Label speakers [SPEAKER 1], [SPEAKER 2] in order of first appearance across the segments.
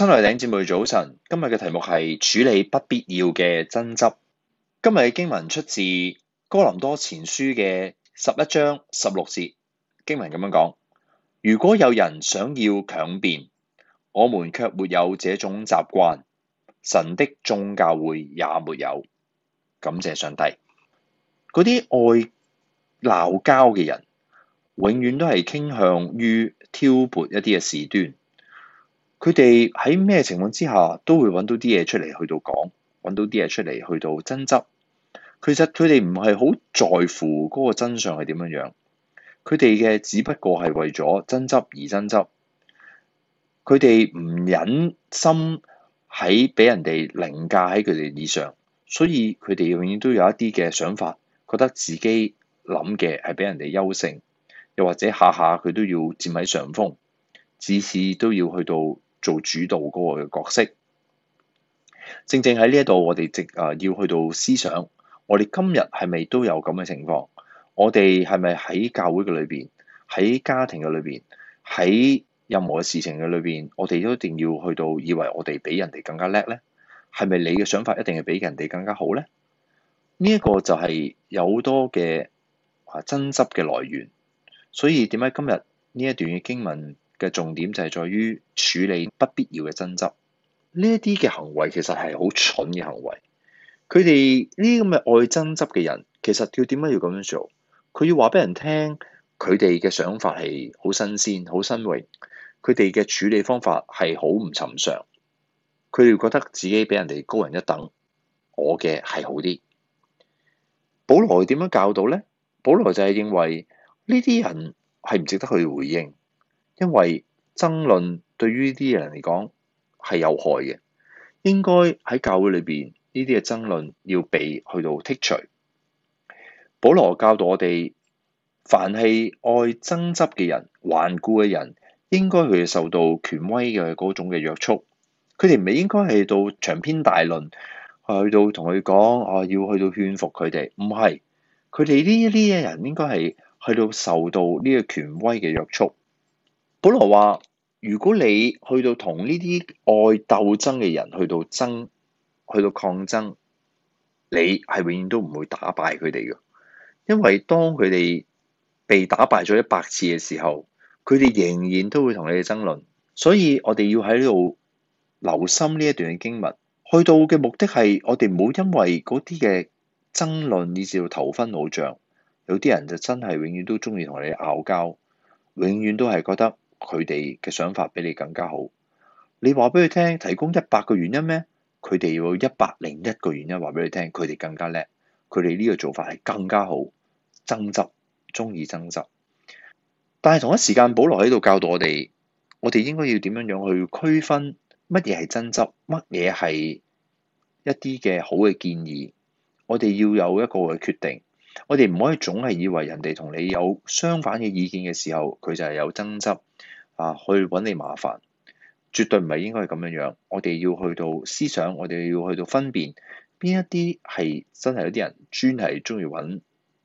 [SPEAKER 1] 親愛頂姊妹早晨，今日嘅題目係處理不必要嘅爭執。今日嘅經文出自哥林多前書嘅十一章十六節，經文咁樣講：如果有人想要強辯，我們卻沒有這種習慣，神的眾教會也沒有。感謝上帝，嗰啲愛鬧交嘅人，永遠都係傾向於挑撥一啲嘅事端。佢哋喺咩情況之下都會揾到啲嘢出嚟去到講，揾到啲嘢出嚟去到爭執。其實佢哋唔係好在乎嗰個真相係點樣樣。佢哋嘅只不過係為咗爭執而爭執。佢哋唔忍心喺俾人哋凌駕喺佢哋以上，所以佢哋永遠都有一啲嘅想法，覺得自己諗嘅係比人哋優勝，又或者下下佢都要佔喺上風，至次都要去到，做主導嗰個嘅角色，正正喺呢一度，我哋直啊要去到思想，我哋今日係咪都有咁嘅情況？我哋係咪喺教會嘅裏邊，喺家庭嘅裏邊，喺任何嘅事情嘅裏邊，我哋都一定要去到以為我哋比人哋更加叻咧？係咪你嘅想法一定係比人哋更加好咧？呢一個就係有好多嘅啊爭執嘅來源，所以點解今日呢一段嘅經文嘅重點就係在於處理不必要嘅爭執，呢一啲嘅行為其實係好蠢嘅行為。佢哋呢啲咁嘅愛爭執嘅人，其實要點解要咁樣做？佢要話俾人聽，佢哋嘅想法係好新鮮、好新穎，佢哋嘅處理方法係好唔尋常。佢哋覺得自己比人哋高人一等，我嘅係好啲。保羅點樣教到呢？保羅就係認為呢啲人係唔值得去回應。因為爭論對於呢啲人嚟講係有害嘅，應該喺教會裏邊呢啲嘅爭論要被去到剔除。保羅教導我哋，凡係愛爭執嘅人，頑固嘅人，應該佢哋受到權威嘅嗰種嘅約束。佢哋唔係應該係到長篇大論去到同佢講，我、哦、要去到勸服佢哋，唔係佢哋呢？呢啲人應該係去到受到呢個權威嘅約束。本來話，如果你去到同呢啲愛鬥爭嘅人去到爭，去到抗爭，你係永遠都唔會打敗佢哋嘅，因為當佢哋被打敗咗一百次嘅時候，佢哋仍然都會同你哋爭論，所以我哋要喺呢度留心呢一段嘅經文，去到嘅目的係我哋唔好因為嗰啲嘅爭論以至到頭昏腦脹，有啲人就真係永遠都中意同你哋拗交，永遠都係覺得。佢哋嘅想法比你更加好。你話俾佢聽，提供一百個原因咩？佢哋要一百零一個原因話俾你聽，佢哋更加叻，佢哋呢個做法係更加好。爭執，中意爭執，但係同一時間，保羅喺度教導我哋，我哋應該要點樣樣去區分乜嘢係爭執，乜嘢係一啲嘅好嘅建議。我哋要有一個嘅決定，我哋唔可以總係以為人哋同你有相反嘅意見嘅時候，佢就係有爭執。啊！去揾你麻煩絕對唔係應該係咁樣樣，我哋要去到思想，我哋要去到分辨邊一啲係真係有啲人專係中意揾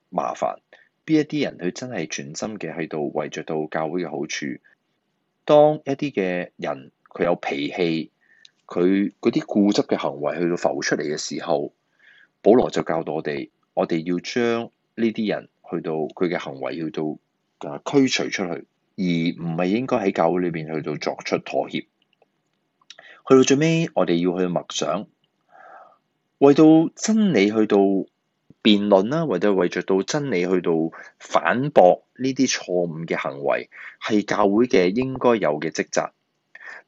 [SPEAKER 1] 麻煩邊一啲人，佢真係全心嘅喺度為着到教會嘅好處。當一啲嘅人佢有脾氣，佢嗰啲固執嘅行為去到浮出嚟嘅時候，保羅就教導我哋，我哋要將呢啲人去到佢嘅行為要到啊驅除出去。而唔係應該喺教會裏邊去到作出妥協，去到最尾，我哋要去默想，為到真理去到辯論啦，或者為着到真理去到反駁呢啲錯誤嘅行為，係教會嘅應該有嘅職責。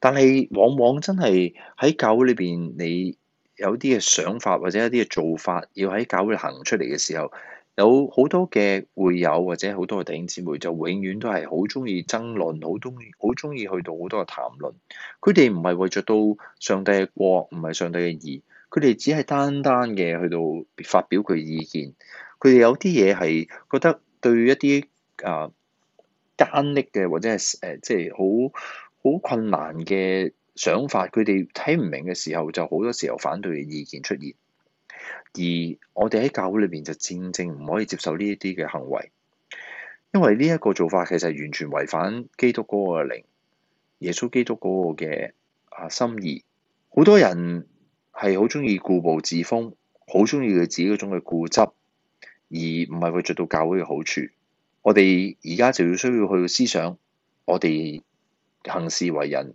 [SPEAKER 1] 但係往往真係喺教會裏邊，你有啲嘅想法或者一啲嘅做法，要喺教會行出嚟嘅時候。有好多嘅會友，或者好多嘅弟兄姊妹就永遠都係好中意爭論，好中意好中意去到好多嘅談論。佢哋唔係為著到上帝嘅國，唔係上帝嘅義，佢哋只係單單嘅去到發表佢意見。佢哋有啲嘢係覺得對一啲啊艱歷嘅，或者係誒即係好好困難嘅想法，佢哋睇唔明嘅時候，就好多時候反對嘅意見出現。而我哋喺教會裏面就正正唔可以接受呢一啲嘅行為，因為呢一個做法其實完全違反基督嗰個靈，耶穌基督嗰個嘅啊心意。好多人係好中意固步自封，好中意佢自己嗰種嘅固執，而唔係為着到教會嘅好處。我哋而家就要需要去思想，我哋行事為人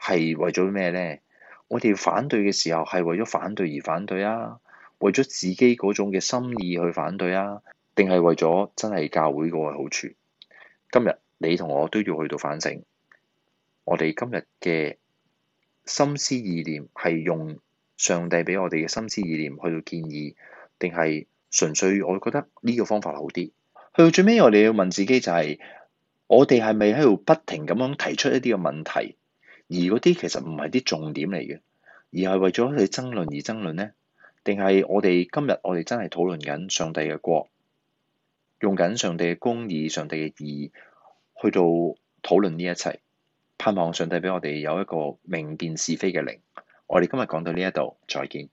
[SPEAKER 1] 係為咗咩咧？我哋反對嘅時候係為咗反對而反對啊！為咗自己嗰種嘅心意去反對啊，定係為咗真係教會個好處？今日你同我都要去到反省，我哋今日嘅心思意念係用上帝俾我哋嘅心思意念去到建議，定係純粹我覺得呢個方法好啲？去到最尾，我哋要問自己就係：我哋係咪喺度不停咁樣提出一啲嘅問題，而嗰啲其實唔係啲重點嚟嘅，而係為咗去爭論而爭論呢。定係我哋今日我哋真係討論緊上帝嘅國，用緊上帝嘅公義、上帝嘅義，去到討論呢一切，盼望上帝畀我哋有一個明辨是非嘅靈。我哋今日講到呢一度，再見。